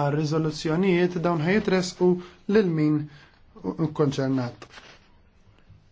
għal riżoluzzjonijiet dawn ħajitresqu lil min konċernat.